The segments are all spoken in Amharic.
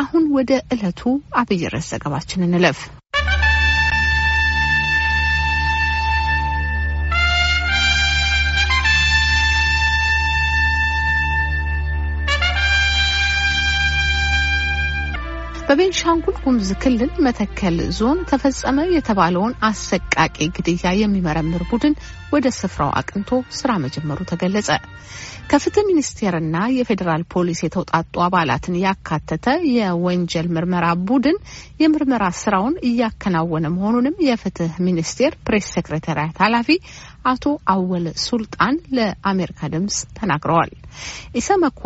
አሁን ወደ ዕለቱ አብይ ርዕስ ዘገባችን እንለፍ። በቤንሻንጉል ጉምዝ ክልል መተከል ዞን ተፈጸመ የተባለውን አሰቃቂ ግድያ የሚመረምር ቡድን ወደ ስፍራው አቅንቶ ስራ መጀመሩ ተገለጸ። ከፍትህ ሚኒስቴርና የፌዴራል ፖሊስ የተውጣጡ አባላትን ያካተተ የወንጀል ምርመራ ቡድን የምርመራ ስራውን እያከናወነ መሆኑንም የፍትህ ሚኒስቴር ፕሬስ ሴክሬታሪያት ኃላፊ አቶ አወል ሱልጣን ለአሜሪካ ድምጽ ተናግረዋል። ኢሰመኮ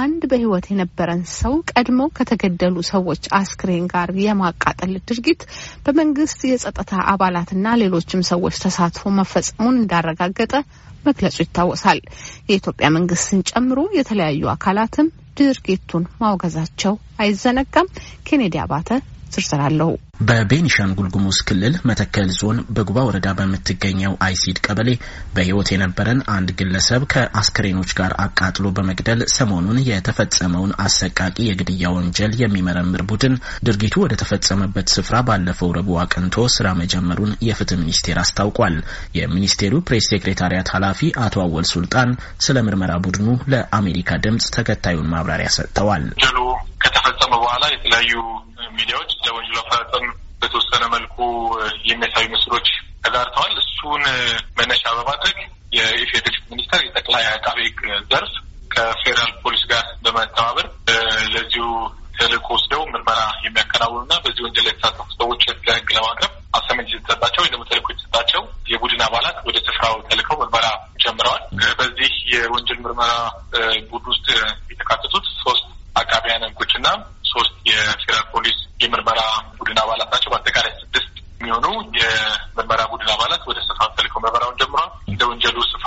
አንድ በህይወት የነበረን ሰው ቀድሞ ከተገደሉ ሰዎች አስክሬን ጋር የማቃጠል ድርጊት በመንግስት የጸጥታ አባላትና ሌሎችም ሰዎች ተሳትፎ መፈጸሙን እንዳረጋገጠ መግለጹ ይታወሳል። የኢትዮጵያ መንግስትን ጨምሮ የተለያዩ አካላትም ድርጊቱን ማውገዛቸው አይዘነጋም። ኬኔዲ አባተ ዝርዝር አለው። በቤኒሻንጉል ጉሙዝ ክልል መተከል ዞን በጉባ ወረዳ በምትገኘው አይሲድ ቀበሌ በሕይወት የነበረን አንድ ግለሰብ ከአስክሬኖች ጋር አቃጥሎ በመግደል ሰሞኑን የተፈጸመውን አሰቃቂ የግድያ ወንጀል የሚመረምር ቡድን ድርጊቱ ወደ ተፈጸመበት ስፍራ ባለፈው ረቡዕ አቅንቶ ስራ መጀመሩን የፍትህ ሚኒስቴር አስታውቋል። የሚኒስቴሩ ፕሬስ ሴክሬታሪያት ኃላፊ አቶ አወል ሱልጣን ስለ ምርመራ ቡድኑ ለአሜሪካ ድምጽ ተከታዩን ማብራሪያ ሰጥተዋል። በኋላ የተለያዩ ሚዲያዎች ለወንጀሉ አፈጻጸም በተወሰነ መልኩ የሚያሳዩ ምስሎች ተጋርተዋል። እሱን መነሻ በማድረግ የኢፌዴሪ ሚኒስቴር የጠቅላይ አቃቤ ሕግ ዘርፍ ከፌዴራል ፖሊስ ጋር በመተባበር ለዚሁ ተልእኮ ወስደው ምርመራ የሚያከናውኑ በዚህ ወንጀል የተሳተፉ ሰዎች ለሕግ ለማቅረብ አሳይመንት የተሰጣቸው ወይ ደግሞ ተልእኮ የተሰጣቸው የቡድን አባላት ወደ ስፍራው ተልከው ምርመራ ጀምረዋል። በዚህ የወንጀል ምርመራ ቡድን ውስጥ የተካተቱት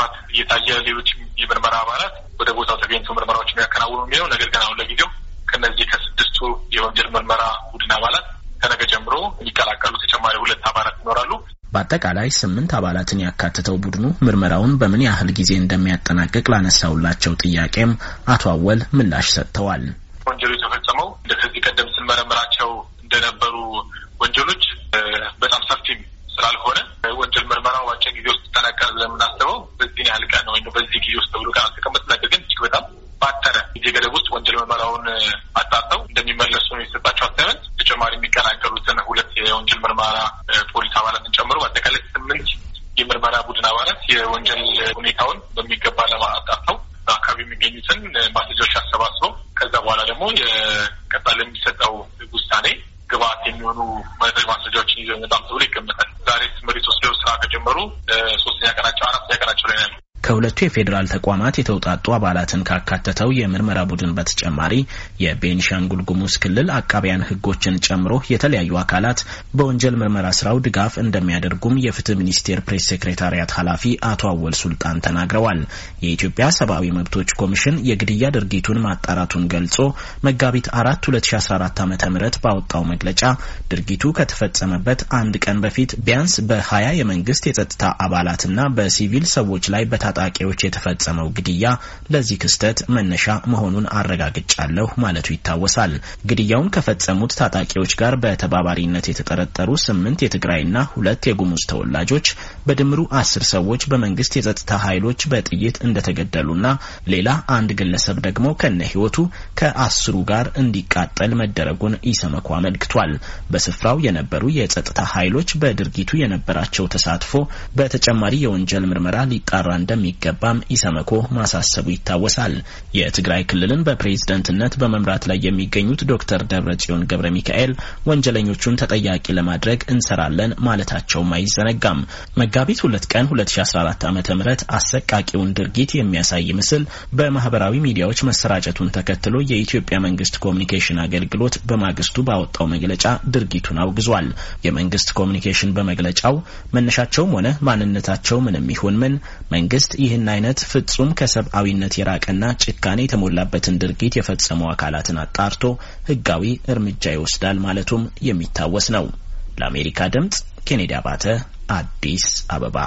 በስፋት እየታየ ሌሎች የምርመራ አባላት ወደ ቦታው ተገኝቶ ምርመራዎች የሚያከናውኑ የሚለው ነገር ግን አሁን ለጊዜው ከነዚህ ከስድስቱ የወንጀል ምርመራ ቡድን አባላት ከነገ ጀምሮ የሚቀላቀሉ ተጨማሪ ሁለት አባላት ይኖራሉ። በአጠቃላይ ስምንት አባላትን ያካትተው ቡድኑ ምርመራውን በምን ያህል ጊዜ እንደሚያጠናቅቅ ላነሳውላቸው ጥያቄም አቶ አወል ምላሽ ሰጥተዋል። ወንጀሉ የተፈጸመው እንደ ከዚህ ቀደም ስንመረምራቸው እንደነበሩ ወንጀሎች ምርመራውን አጣርተው እንደሚመለሱ የሰጣቸው አስተያየት ተጨማሪ የሚቀላቀሉትን ሁለት የወንጀል ምርመራ ፖሊስ አባላትን ጨምሮ በአጠቃላይ ስምንት የምርመራ ቡድን አባላት የወንጀል ሁኔታውን በሚገባ ለማጣርተው በአካባቢ የሚገኙትን ማስረጃዎች አሰባስበው ከዛ በኋላ ደግሞ የቀጣል የሚሰጠው ውሳኔ ግብአት የሚሆኑ ማስረጃዎችን ይዘው ይመጣሉ ተብሎ ይገመታል። ዛሬ ስምሪት ወስደው ስራ ከጀመሩ ሶስተኛ ቀናቸው አራተኛ ቀናቸው ላይ ነው። ከሁለቱ የፌዴራል ተቋማት የተውጣጡ አባላትን ካካተተው የምርመራ ቡድን በተጨማሪ የቤንሻንጉል ጉሙዝ ክልል አቃቢያን ሕጎችን ጨምሮ የተለያዩ አካላት በወንጀል ምርመራ ስራው ድጋፍ እንደሚያደርጉም የፍትህ ሚኒስቴር ፕሬስ ሴክሬታሪያት ኃላፊ አቶ አወል ሱልጣን ተናግረዋል። የኢትዮጵያ ሰብአዊ መብቶች ኮሚሽን የግድያ ድርጊቱን ማጣራቱን ገልጾ መጋቢት አራት 2014 ዓ ም ባወጣው መግለጫ ድርጊቱ ከተፈጸመበት አንድ ቀን በፊት ቢያንስ በ20 የመንግስት የጸጥታ አባላትና በሲቪል ሰዎች ላይ በታ ታጣቂዎች የተፈጸመው ግድያ ለዚህ ክስተት መነሻ መሆኑን አረጋግጫለሁ ማለቱ ይታወሳል። ግድያውን ከፈጸሙት ታጣቂዎች ጋር በተባባሪነት የተጠረጠሩ ስምንት የትግራይና ሁለት የጉሙዝ ተወላጆች በድምሩ አስር ሰዎች በመንግስት የጸጥታ ኃይሎች በጥይት እንደተገደሉና ሌላ አንድ ግለሰብ ደግሞ ከነ ህይወቱ ከአስሩ ጋር እንዲቃጠል መደረጉን ኢሰመኮ አመልክቷል። በስፍራው የነበሩ የጸጥታ ኃይሎች በድርጊቱ የነበራቸው ተሳትፎ በተጨማሪ የወንጀል ምርመራ ሊጣራ እንደሚገባም ኢሰመኮ ማሳሰቡ ይታወሳል። የትግራይ ክልልን በፕሬዝደንትነት በመምራት ላይ የሚገኙት ዶክተር ደብረጽዮን ገብረ ሚካኤል ወንጀለኞቹን ተጠያቂ ለማድረግ እንሰራለን ማለታቸውም አይዘነጋም። መጋቢት ሁለት ቀን 2014 ዓ ም አሰቃቂውን ድርጊት የሚያሳይ ምስል በማህበራዊ ሚዲያዎች መሰራጨቱን ተከትሎ የኢትዮጵያ መንግስት ኮሚኒኬሽን አገልግሎት በማግስቱ ባወጣው መግለጫ ድርጊቱን አውግዟል። የመንግስት ኮሚኒኬሽን በመግለጫው መነሻቸውም ሆነ ማንነታቸው ምንም ይሁን ምን መንግስት ይህን አይነት ፍጹም ከሰብአዊነት የራቀና ጭካኔ የተሞላበትን ድርጊት የፈጸሙ አካላትን አጣርቶ ህጋዊ እርምጃ ይወስዳል ማለቱም የሚታወስ ነው። ለአሜሪካ ድምጽ ኬኔዲ አባተ አዲስ አበባ